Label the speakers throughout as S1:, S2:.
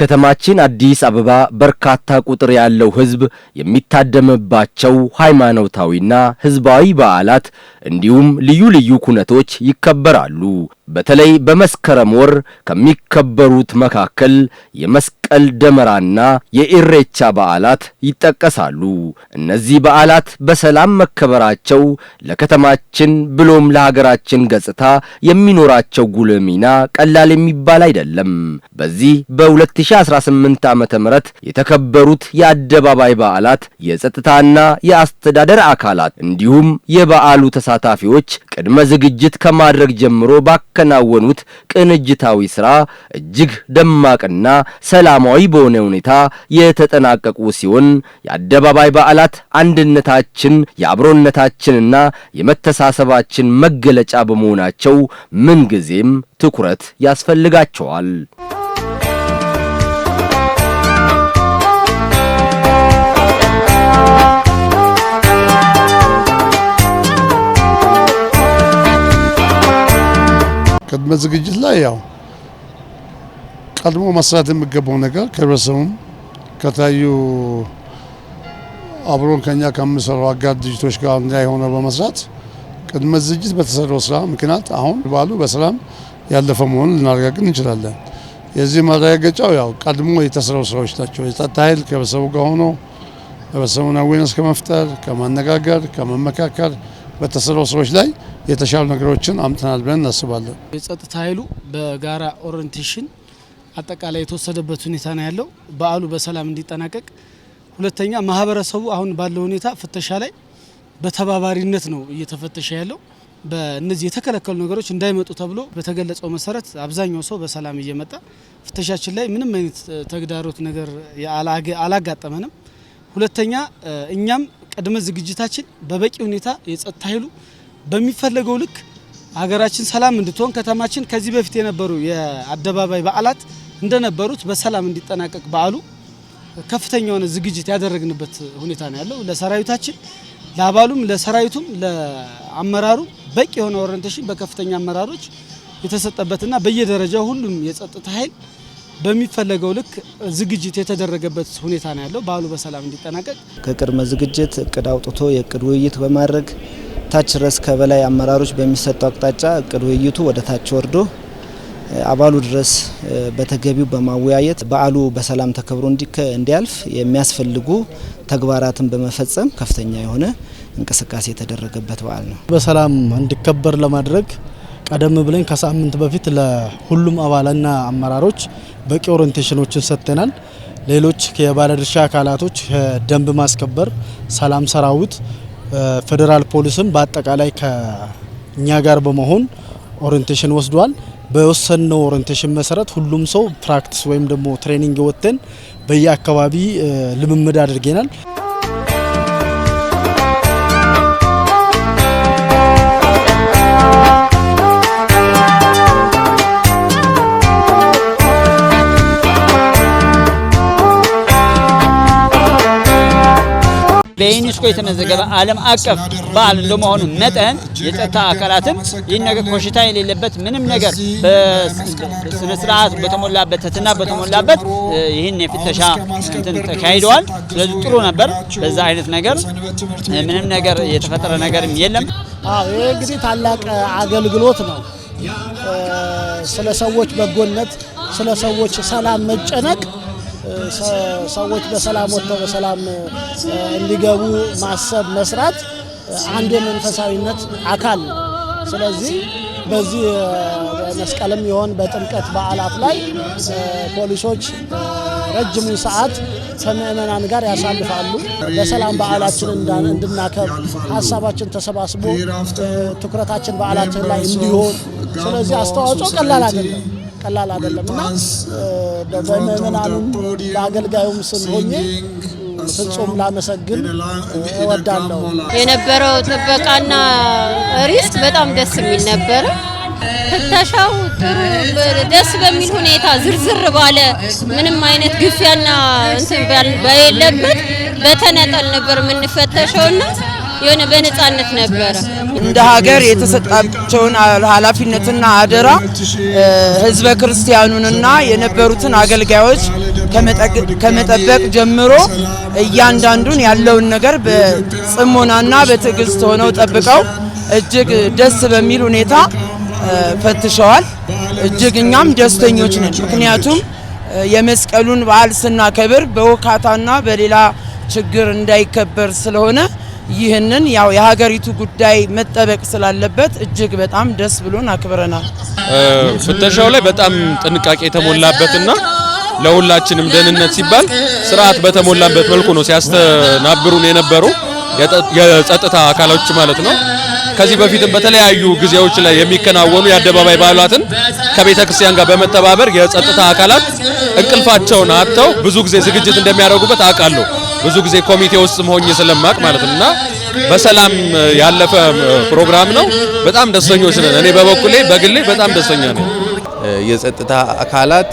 S1: በከተማችን አዲስ አበባ በርካታ ቁጥር ያለው ሕዝብ የሚታደምባቸው ሃይማኖታዊና ሕዝባዊ በዓላት እንዲሁም ልዩ ልዩ ኩነቶች ይከበራሉ። በተለይ በመስከረም ወር ከሚከበሩት መካከል የመስቀል ደመራና የኢሬቻ በዓላት ይጠቀሳሉ። እነዚህ በዓላት በሰላም መከበራቸው ለከተማችን ብሎም ለሀገራችን ገጽታ የሚኖራቸው ጉልህ ሚና ቀላል የሚባል አይደለም። በዚህ በ2018 ዓ ም የተከበሩት የአደባባይ በዓላት የጸጥታና የአስተዳደር አካላት እንዲሁም የበዓሉ ተሳ ተሳታፊዎች ቅድመ ዝግጅት ከማድረግ ጀምሮ ባከናወኑት ቅንጅታዊ ስራ እጅግ ደማቅና ሰላማዊ በሆነ ሁኔታ የተጠናቀቁ ሲሆን የአደባባይ በዓላት አንድነታችን የአብሮነታችንና የመተሳሰባችን መገለጫ በመሆናቸው ምንጊዜም ትኩረት ያስፈልጋቸዋል።
S2: ቅድመ ዝግጅት ላይ ያው ቀድሞ መስራት የሚገባው ነገር ከህብረተሰቡም ከተለያዩ አብሮን ከኛ ከምንሰራው አጋር ድርጅቶች ጋር እንዲ የሆነ በመስራት ቅድመ ዝግጅት በተሰራው ስራ ምክንያት አሁን በዓሉ በሰላም ያለፈ መሆኑን ልናረጋግጥ እንችላለን። የዚህ ማረጋገጫው ያው ቀድሞ የተሰራው ስራዎች ናቸው። የጸጥታ ኃይል ከህብረተሰቡ ጋር ሆኖ ህብረተሰቡን አዌነስ ከመፍጠር ከማነጋገር፣ ከመመካከር በተሰራው ስራዎች ላይ የተሻሉ ነገሮችን አምጥናል ብለን እናስባለን።
S3: የጸጥታ ኃይሉ በጋራ ኦሪንቴሽን አጠቃላይ የተወሰደበት ሁኔታ ነው ያለው። በዓሉ በሰላም እንዲጠናቀቅ፣ ሁለተኛ ማህበረሰቡ አሁን ባለው ሁኔታ ፍተሻ ላይ በተባባሪነት ነው እየተፈተሸ ያለው። በእነዚህ የተከለከሉ ነገሮች እንዳይመጡ ተብሎ በተገለጸው መሰረት አብዛኛው ሰው በሰላም እየመጣ ፍተሻችን ላይ ምንም አይነት ተግዳሮት ነገር አላጋጠመንም። ሁለተኛ እኛም ቅድመ ዝግጅታችን በበቂ ሁኔታ የጸጥታ ኃይሉ በሚፈለገው ልክ ሀገራችን ሰላም እንድትሆን ከተማችን ከዚህ በፊት የነበሩ የአደባባይ በዓላት እንደነበሩት በሰላም እንዲጠናቀቅ በዓሉ ከፍተኛ የሆነ ዝግጅት ያደረግንበት ሁኔታ ነው ያለው። ለሰራዊታችን፣ ለአባሉም፣ ለሰራዊቱም፣ ለአመራሩ በቂ የሆነ ኦሪንቴሽን በከፍተኛ አመራሮች የተሰጠበትና በየደረጃው ሁሉም የጸጥታ ኃይል በሚፈለገው ልክ ዝግጅት የተደረገበት ሁኔታ ነው ያለው። በዓሉ በሰላም እንዲጠናቀቅ
S4: ከቅድመ ዝግጅት እቅድ አውጥቶ የእቅድ ውይይት በማድረግ ታች ድረስ ከበላይ አመራሮች በሚሰጠው አቅጣጫ እቅድ ውይይቱ ወደ ታች ወርዶ አባሉ ድረስ በተገቢው በማወያየት በዓሉ በሰላም ተከብሮ እንዲያልፍ የሚያስፈልጉ ተግባራትን በመፈጸም ከፍተኛ የሆነ እንቅስቃሴ የተደረገበት በዓል ነው።
S5: በሰላም እንዲከበር ለማድረግ ቀደም ብለን ከሳምንት በፊት ለሁሉም አባልና አመራሮች በቂ ኦሪንቴሽኖችን ሰጥተናል። ሌሎች የባለድርሻ አካላቶች ደንብ ማስከበር፣ ሰላም ሰራዊት ፌዴራል ፖሊስም በአጠቃላይ ከእኛ ጋር በመሆን ኦሪንቴሽን ወስዷል። በወሰነው ኦሪንቴሽን መሰረት ሁሉም ሰው ፕራክቲስ ወይም ደግሞ ትሬኒንግ ወጥተን በየአካባቢ ልምምድ አድርጌናል።
S6: በዩኔስኮ የተመዘገበ ዓለም አቀፍ በዓል እንደመሆኑ መጠን የጸጥታ አካላትም ይህን ነገር ኮሽታ የሌለበት ምንም ነገር በስነ ስርዓት በተሞላበት ትህትና በተሞላበት ይህን የፍተሻ እንትን ተካሂደዋል። ስለዚህ ጥሩ ነበር። በዛ አይነት ነገር ምንም ነገር የተፈጠረ ነገርም የለም።
S7: ይህ እንግዲህ ታላቅ አገልግሎት ነው። ስለ ሰዎች በጎነት፣ ስለ ሰዎች ሰላም መጨነቅ ሰዎች በሰላም ወጥተው በሰላም እንዲገቡ ማሰብ መስራት አንድ የመንፈሳዊነት አካል ነው። ስለዚህ በዚህ መስቀልም ይሆን በጥምቀት በዓላት ላይ ፖሊሶች ረጅሙን ሰዓት ከምእመናን ጋር ያሳልፋሉ። በሰላም በዓላችን እንድናከብ ሀሳባችን ተሰባስቦ ትኩረታችን በዓላችን ላይ እንዲሆን፣ ስለዚህ አስተዋጽኦ ቀላል አይደለም። ቀላል አይደለም እና በምእመናኑም በአገልጋዩም ስም ሆኜ ፍጹም ላመሰግን እወዳለሁ።
S8: የነበረው ጥበቃና ሪስክ በጣም ደስ የሚል ነበረ። ፍተሻው ጥሩ ደስ በሚል ሁኔታ ዝርዝር ባለ ምንም አይነት ግፊያና እንትን በሌለበት በተነጠል ነበር የምንፈተሸውና የሆነ በነጻነት ነበረ።
S9: እንደ ሀገር የተሰጣቸውን ኃላፊነትና አደራ ህዝበ ክርስቲያኑንና የነበሩትን አገልጋዮች ከመጠበቅ ጀምሮ እያንዳንዱን ያለውን ነገር በጽሞናና በትዕግስት ሆነው ጠብቀው እጅግ ደስ በሚል ሁኔታ ፈትሸዋል። እጅግ እኛም ደስተኞች ነን። ምክንያቱም የመስቀሉን በዓል ስናከብር በውካታና በሌላ ችግር እንዳይከበር ስለሆነ ይህንን ያው የሀገሪቱ ጉዳይ መጠበቅ ስላለበት እጅግ በጣም ደስ ብሎን አክብረናል።
S10: ፍተሻው ላይ በጣም ጥንቃቄ የተሞላበትና ለሁላችንም ደህንነት ሲባል ስርዓት በተሞላበት መልኩ ነው ሲያስተናብሩን የነበሩ የጸጥታ አካሎች ማለት ነው። ከዚህ በፊትም በተለያዩ ጊዜዎች ላይ የሚከናወኑ የአደባባይ በዓላትን ከቤተ ክርስቲያን ጋር በመተባበር የጸጥታ አካላት እንቅልፋቸውን አጥተው ብዙ ጊዜ ዝግጅት እንደሚያደርጉበት አውቃለሁ። ብዙ ጊዜ ኮሚቴ ውስጥ ሆኜ ስለማቅ ማለት ነውና በሰላም ያለፈ ፕሮግራም ነው። በጣም ደስተኞች ነን። እኔ በበኩሌ በግሌ በጣም ደስተኛ ነኝ።
S11: የጸጥታ አካላት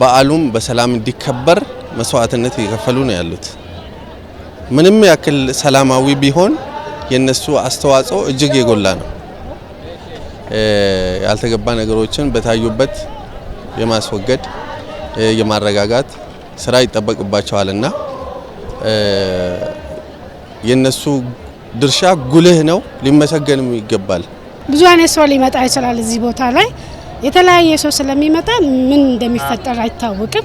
S11: በዓሉም በሰላም እንዲከበር መስዋዕትነት እየከፈሉ ነው ያሉት። ምንም ያክል ሰላማዊ ቢሆን የነሱ አስተዋጽኦ እጅግ የጎላ ነው። ያልተገባ ነገሮችን በታዩበት የማስወገድ የማረጋጋት ስራ ይጠበቅባቸዋልና የነሱ ድርሻ ጉልህ ነው፣ ሊመሰገንም ይገባል።
S12: ብዙ አይነት ሰው ሊመጣ ይችላል። እዚህ ቦታ ላይ የተለያየ ሰው ስለሚመጣ ምን እንደሚፈጠር አይታወቅም።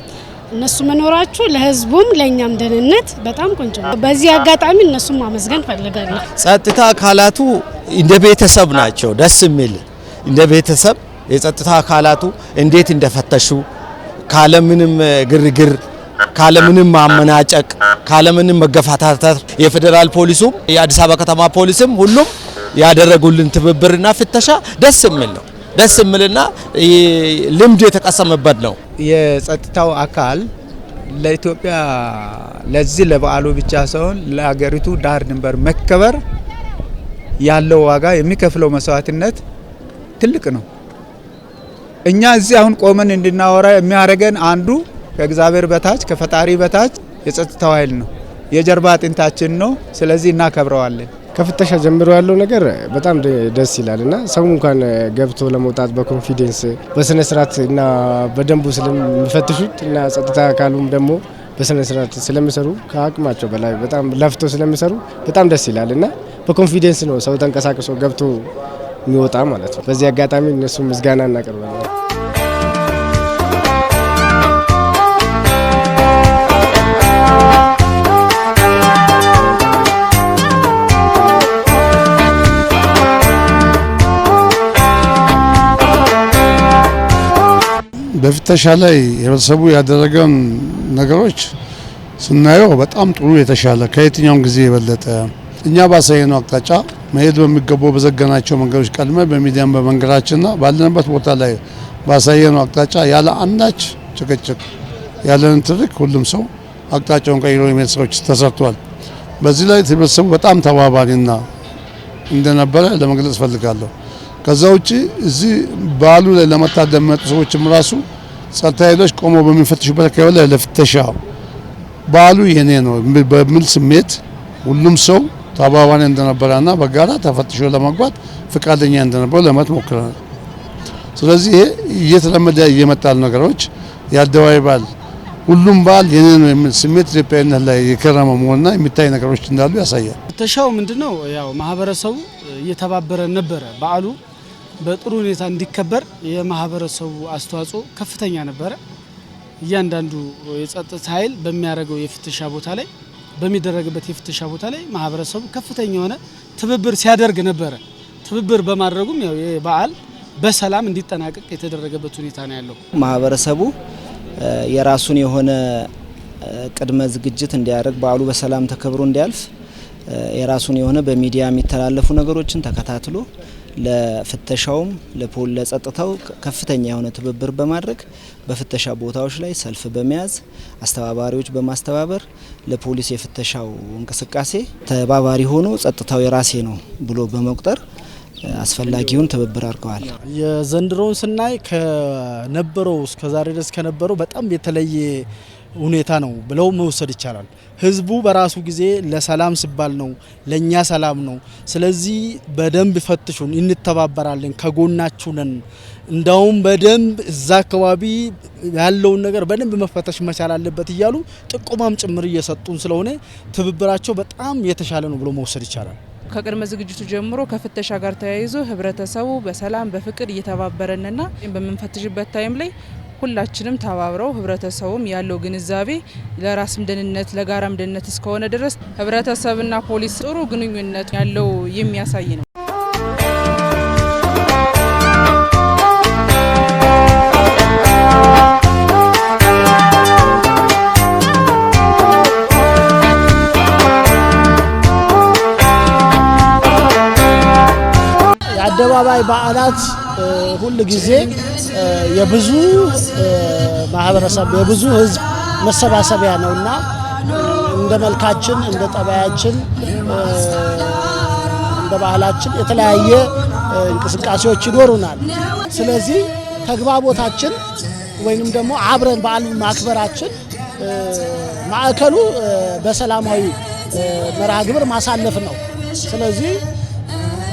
S12: እነሱ መኖራችሁ ለህዝቡም ለእኛም ደህንነት በጣም ቆንጆ ነው። በዚህ አጋጣሚ እነሱም ማመስገን ፈልጋለሁ።
S13: ጸጥታ አካላቱ እንደ ቤተሰብ ናቸው። ደስ የሚል እንደ ቤተሰብ የጸጥታ አካላቱ እንዴት እንደፈተሹ ካለምንም ግርግር ካለምንም ማመናጨቅ ካለምንም መገፋታታት የፌዴራል ፖሊሱም የአዲስ አበባ ከተማ ፖሊስም ሁሉም ያደረጉልን ትብብርና ፍተሻ ደስ የሚል ነው። ደስ የሚልና ልምድ የተቀሰመበት ነው።
S5: የጸጥታው አካል ለኢትዮጵያ ለዚህ ለበዓሉ ብቻ ሳይሆን ለሀገሪቱ ዳር ድንበር መከበር ያለው ዋጋ የሚከፍለው መስዋዕትነት ትልቅ ነው። እኛ እዚህ አሁን ቆመን እንድናወራ የሚያደርገን አንዱ ከእግዚአብሔር በታች ከፈጣሪ በታች የጸጥታው ኃይል ነው፣ የጀርባ አጥንታችን ነው። ስለዚህ እናከብረዋለን።
S14: ከፍተሻ ጀምሮ ያለው ነገር በጣም ደስ ይላል እና ሰው እንኳን ገብቶ ለመውጣት በኮንፊደንስ በስነ ስርዓት እና በደንቡ ስለሚፈትሹት እና ጸጥታ አካሉም ደግሞ በስነ ስርዓት ስለሚሰሩ ከአቅማቸው በላይ በጣም ለፍቶ ስለሚሰሩ በጣም ደስ ይላል እና በኮንፊደንስ ነው ሰው ተንቀሳቅሶ ገብቶ የሚወጣ ማለት ነው። በዚህ አጋጣሚ እነሱ ምስጋና እናቀርባለን።
S15: በፍተሻ ላይ ህብረተሰቡ ያደረገውን ነገሮች ስናየው በጣም ጥሩ የተሻለ ከየትኛውም ጊዜ የበለጠ እኛ ባሳየነው አቅጣጫ መሄድ በሚገባው በዘገናቸው መንገዶች ቀድመ በሚዲያም በመንገዳችንና ባለንበት ቦታ ላይ ባሳየነው አቅጣጫ ያለ አንዳች ጭቅጭቅ ያለንን ትርክ ሁሉም ሰው አቅጣጫውን ቀይሮ የሚሄድ ስራዎች ተሰርቷል። በዚህ ላይ ህብረተሰቡ በጣም ተባባሪና እንደነበረ ለመግለጽ እፈልጋለሁ። ከዛ ውጭ እዚህ በዓሉ ላይ ለመታደም መጡ ሰዎችም ራሱ ጸጥታ ኃይሎች ቆሞ በሚፈትሹበት አካባቢ ላይ ለፍተሻ በዓሉ የኔ ነው በሚል ስሜት ሁሉም ሰው ተባባሪ እንደነበረና በጋራ ተፈትሾ ለመግባት ፈቃደኛ እንደነበረ ለማየት ሞክረናል። ስለዚህ ይሄ እየተለመደ እየመጣል ነገሮች የአደባባይ በዓል ሁሉም በዓል የኔ ነው የሚል ስሜት ኢትዮጵያዊነት ላይ የከረመ መሆንና የሚታይ ነገሮች እንዳሉ ያሳያል።
S9: ፍተሻው ምንድነው? ያው ማህበረሰቡ እየተባበረ ነበረ በዓሉ በጥሩ ሁኔታ እንዲከበር የማህበረሰቡ አስተዋጽኦ ከፍተኛ ነበረ። እያንዳንዱ የጸጥታ ኃይል በሚያደርገው የፍተሻ ቦታ ላይ በሚደረግበት የፍተሻ ቦታ ላይ ማህበረሰቡ ከፍተኛ የሆነ ትብብር ሲያደርግ ነበረ። ትብብር በማድረጉም ያው በዓል በሰላም እንዲጠናቀቅ የተደረገበት ሁኔታ ነው ያለው።
S16: ማህበረሰቡ የራሱን የሆነ ቅድመ ዝግጅት እንዲያደርግ በዓሉ በሰላም ተከብሮ እንዲያልፍ የራሱን የሆነ በሚዲያ የሚተላለፉ ነገሮችን ተከታትሎ ለፍተሻውም ለፖል ለጸጥታው ከፍተኛ የሆነ ትብብር በማድረግ በፍተሻ ቦታዎች ላይ ሰልፍ በመያዝ አስተባባሪዎች በማስተባበር ለፖሊስ የፍተሻው እንቅስቃሴ ተባባሪ ሆኖ ጸጥታው የራሴ ነው ብሎ በመቁጠር አስፈላጊውን ትብብር አድርገዋል።
S17: የዘንድሮውን ስናይ ከነበረው እስከዛሬ ድረስ ከነበረው በጣም የተለየ ሁኔታ ነው ብለው መውሰድ ይቻላል። ህዝቡ በራሱ ጊዜ ለሰላም ሲባል ነው፣ ለእኛ ሰላም ነው፣ ስለዚህ በደንብ ፈትሹን፣ እንተባበራለን፣ ከጎናችሁ ነን። እንዳውም በደንብ እዛ አካባቢ ያለውን ነገር በደንብ መፈተሽ መቻል አለበት እያሉ ጥቆማም ጭምር እየሰጡን ስለሆነ ትብብራቸው በጣም የተሻለ ነው ብሎ መውሰድ ይቻላል።
S3: ከቅድመ ዝግጅቱ ጀምሮ ከፍተሻ ጋር ተያይዞ ህብረተሰቡ በሰላም በፍቅር እየተባበረንና በምንፈትሽበት ታይም ላይ ሁላችንም ተባብረው ህብረተሰቡም ያለው ግንዛቤ ለራስም ደህንነት ለጋራም ደህንነት እስከሆነ ድረስ ህብረተሰብና ፖሊስ ጥሩ ግንኙነት ያለው የሚያሳይ ነው።
S7: አደባባይ በዓላት ሁል ጊዜ የብዙ ማህበረሰብ የብዙ ህዝብ መሰባሰቢያ ነው እና እንደ መልካችን፣ እንደ ጠባያችን፣ እንደ ባህላችን የተለያየ እንቅስቃሴዎች ይኖሩናል። ስለዚህ ተግባቦታችን ወይንም ደግሞ አብረን በዓል ማክበራችን ማዕከሉ በሰላማዊ መርሃ ግብር ማሳለፍ ነው። ስለዚህ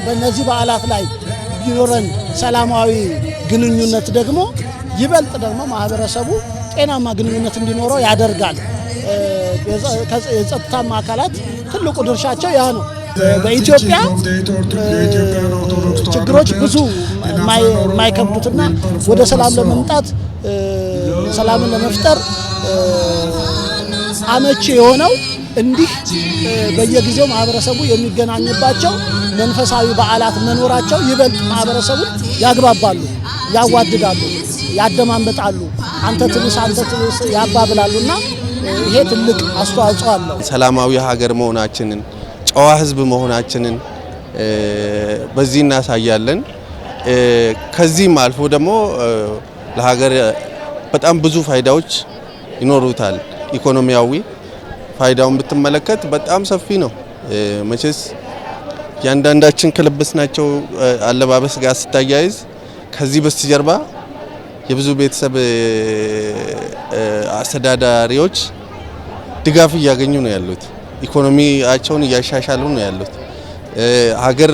S7: በእነዚህ በዓላት ላይ ቢኖረን ሰላማዊ ግንኙነት ደግሞ ይበልጥ ደግሞ ማህበረሰቡ ጤናማ ግንኙነት እንዲኖረው ያደርጋል። የጸጥታማ አካላት ትልቁ ድርሻቸው ያ ነው። በኢትዮጵያ ችግሮች ብዙ የማይከብዱትና ወደ ሰላም ለመምጣት ሰላምን ለመፍጠር አመቺ የሆነው እንዲህ በየጊዜው ማህበረሰቡ የሚገናኝባቸው መንፈሳዊ በዓላት መኖራቸው ይበልጥ ማህበረሰቡን ያግባባሉ። ያዋድዳሉ፣ ያደማመጣሉ፣ አንተ ትንሽ አንተ ትንሽ ያባብላሉና ይሄ ትልቅ አስተዋጽኦ አለው።
S11: ሰላማዊ ሀገር መሆናችንን ጨዋ ህዝብ መሆናችንን በዚህ እናሳያለን። ከዚህም አልፎ ደግሞ ለሀገር በጣም ብዙ ፋይዳዎች ይኖሩታል። ኢኮኖሚያዊ ፋይዳውን ብትመለከት በጣም ሰፊ ነው። መቼስ እያንዳንዳችን ከለበስናቸው አለባበስ ጋር ስታያይዝ ከዚህ በስተጀርባ የብዙ ቤተሰብ አስተዳዳሪዎች ድጋፍ እያገኙ ነው ያሉት። ኢኮኖሚያቸውን እያሻሻሉ ነው ያሉት። ሀገር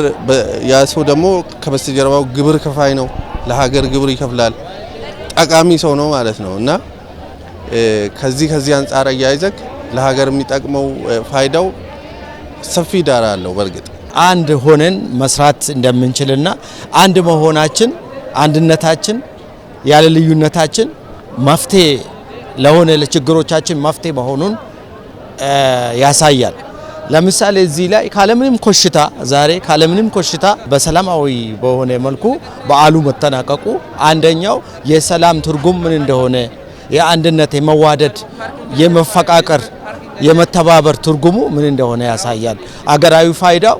S11: ያ ሰው ደግሞ ከበስተጀርባው ግብር ከፋይ ነው፣ ለሀገር ግብር ይከፍላል። ጠቃሚ ሰው ነው ማለት ነው እና ከዚህ ከዚህ አንጻር አያይዘክ ለሀገር የሚጠቅመው ፋይዳው ሰፊ ዳራ አለው። በእርግጥ
S18: አንድ ሆነን መስራት እንደምንችልና አንድ መሆናችን አንድነታችን ያለ ልዩነታችን መፍትሄ ለሆነ ለችግሮቻችን መፍትሄ መሆኑን ያሳያል። ለምሳሌ እዚህ ላይ ካለምንም ኮሽታ ዛሬ ካለምንም ኮሽታ በሰላማዊ በሆነ መልኩ በዓሉ መጠናቀቁ አንደኛው የሰላም ትርጉም ምን እንደሆነ የአንድነት፣ የመዋደድ፣ የመፈቃቀር፣ የመተባበር ትርጉሙ ምን እንደሆነ ያሳያል። አገራዊ ፋይዳው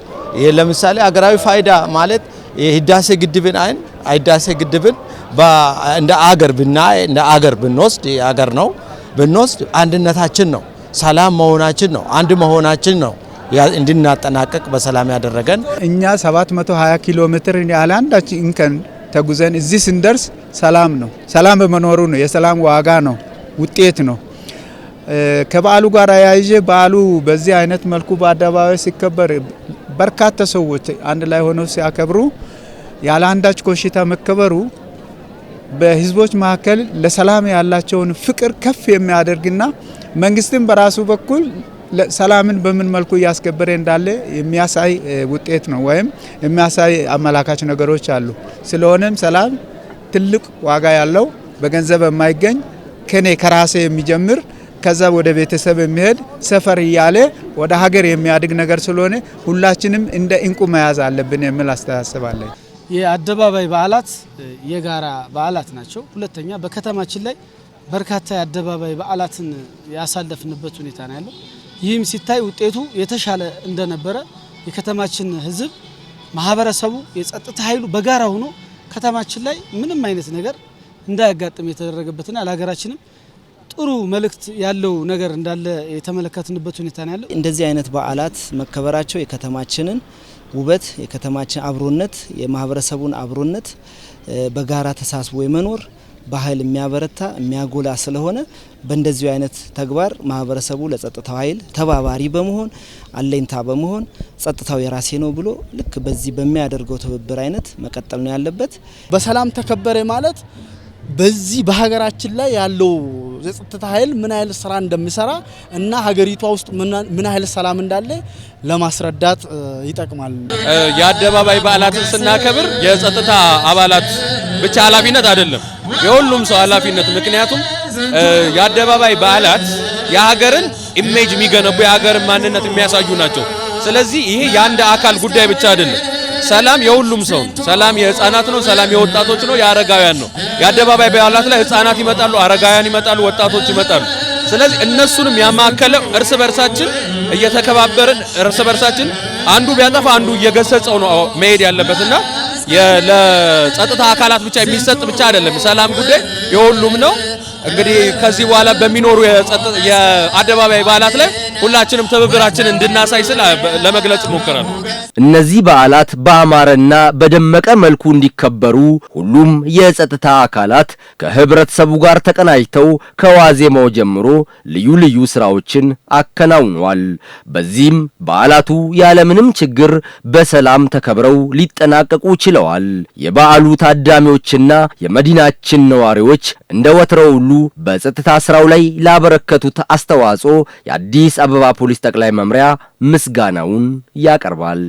S18: ለምሳሌ አገራዊ ፋይዳ ማለት የህዳሴ ግድብን አይን ህዳሴ ግድብን እንደ አገር ብና እንደ አገር ብንወስድ አገር ነው ብንወስድ አንድነታችን ነው፣ ሰላም መሆናችን ነው፣ አንድ መሆናችን ነው እንድናጠናቀቅ በሰላም ያደረገን።
S5: እኛ 720 ኪሎ ሜትር ያለ አንዳችን እንከን ተጉዘን እዚህ ስንደርስ ሰላም ነው። ሰላም በመኖሩ ነው። የሰላም ዋጋ ነው፣ ውጤት ነው። ከበዓሉ ጋር ያይዤ በዓሉ በዚህ አይነት መልኩ በአደባባይ ሲከበር በርካታ ሰዎች አንድ ላይ ሆነው ሲያከብሩ ያለ አንዳች ኮሽታ መከበሩ በህዝቦች መካከል ለሰላም ያላቸውን ፍቅር ከፍ የሚያደርግና መንግስትም በራሱ በኩል ሰላምን በምን መልኩ እያስከበረ እንዳለ የሚያሳይ ውጤት ነው ወይም የሚያሳይ አመላካች ነገሮች አሉ። ስለሆነም ሰላም ትልቅ ዋጋ ያለው በገንዘብ የማይገኝ ከኔ ከራሴ የሚጀምር ከዛ ወደ ቤተሰብ የሚሄድ ሰፈር እያለ ወደ ሀገር የሚያድግ ነገር ስለሆነ ሁላችንም እንደ እንቁ መያዝ አለብን የሚል አስተሳሰባለን።
S9: የአደባባይ በዓላት የጋራ በዓላት ናቸው። ሁለተኛ በከተማችን ላይ በርካታ የአደባባይ በዓላትን ያሳለፍንበት ሁኔታ ነው ያለው። ይህም ሲታይ ውጤቱ የተሻለ እንደነበረ የከተማችን ህዝብ፣ ማህበረሰቡ፣ የጸጥታ ኃይሉ በጋራ ሆኖ ከተማችን ላይ ምንም አይነት ነገር እንዳያጋጥም የተደረገበትና ለሀገራችንም ጥሩ መልእክት ያለው ነገር እንዳለ የተመለከትንበት ሁኔታ ነው ያለው።
S16: እንደዚህ አይነት በዓላት መከበራቸው የከተማችንን ውበት፣ የከተማችን አብሮነት፣ የማህበረሰቡን አብሮነት በጋራ ተሳስቦ የመኖር ባህል የሚያበረታ የሚያጎላ ስለሆነ በእንደዚሁ አይነት ተግባር ማህበረሰቡ ለጸጥታው ኃይል ተባባሪ በመሆን አለኝታ በመሆን ጸጥታው የራሴ ነው ብሎ ልክ በዚህ በሚያደርገው ትብብር አይነት መቀጠል ነው ያለበት።
S9: በሰላም ተከበረ ማለት በዚህ በሀገራችን ላይ ያለው የጸጥታ ኃይል ምን ያህል ስራ እንደሚሰራ እና ሀገሪቷ ውስጥ ምን ያህል ሰላም እንዳለ ለማስረዳት ይጠቅማል።
S10: የአደባባይ በዓላትን ስናከብር የጸጥታ አባላት ብቻ ኃላፊነት አይደለም፣ የሁሉም ሰው ኃላፊነት። ምክንያቱም የአደባባይ በዓላት የሀገርን ኢሜጅ የሚገነቡ የሀገርን ማንነት የሚያሳዩ ናቸው። ስለዚህ ይሄ የአንድ አካል ጉዳይ ብቻ አይደለም። ሰላም የሁሉም ሰው ነው። ሰላም የህፃናት ነው። ሰላም የወጣቶች ነው፣ የአረጋውያን ነው። የአደባባይ በዓላት ላይ ህፃናት ይመጣሉ፣ አረጋውያን ይመጣሉ፣ ወጣቶች ይመጣሉ። ስለዚህ እነሱንም ያማከለ እርስ በርሳችን እየተከባበርን እርስ በርሳችን አንዱ ቢያጠፋ አንዱ እየገሰጸው ነው መሄድ ያለበትና ለጸጥታ አካላት ብቻ የሚሰጥ ብቻ አይደለም። ሰላም ጉዳይ የሁሉም ነው። እንግዲህ ከዚህ በኋላ በሚኖሩ የአደባባይ በዓላት ላይ ሁላችንም ትብብራችን እንድናሳይ ስል ለመግለጽ ሞክራል።
S19: እነዚህ በዓላት በአማረና በደመቀ መልኩ እንዲከበሩ ሁሉም የጸጥታ አካላት ከህብረተሰቡ ጋር ተቀናጅተው ከዋዜማው ጀምሮ ልዩ ልዩ ስራዎችን አከናውነዋል። በዚህም በዓላቱ ያለምንም ችግር በሰላም ተከብረው ሊጠናቀቁ ችለዋል። የበዓሉ ታዳሚዎችና የመዲናችን ነዋሪዎች እንደ ወትረው ሁሉ በጸጥታ ስራው ላይ ላበረከቱት አስተዋጽኦ የአዲስ አበባ ፖሊስ ጠቅላይ መምሪያ ምስጋናውን ያቀርባል።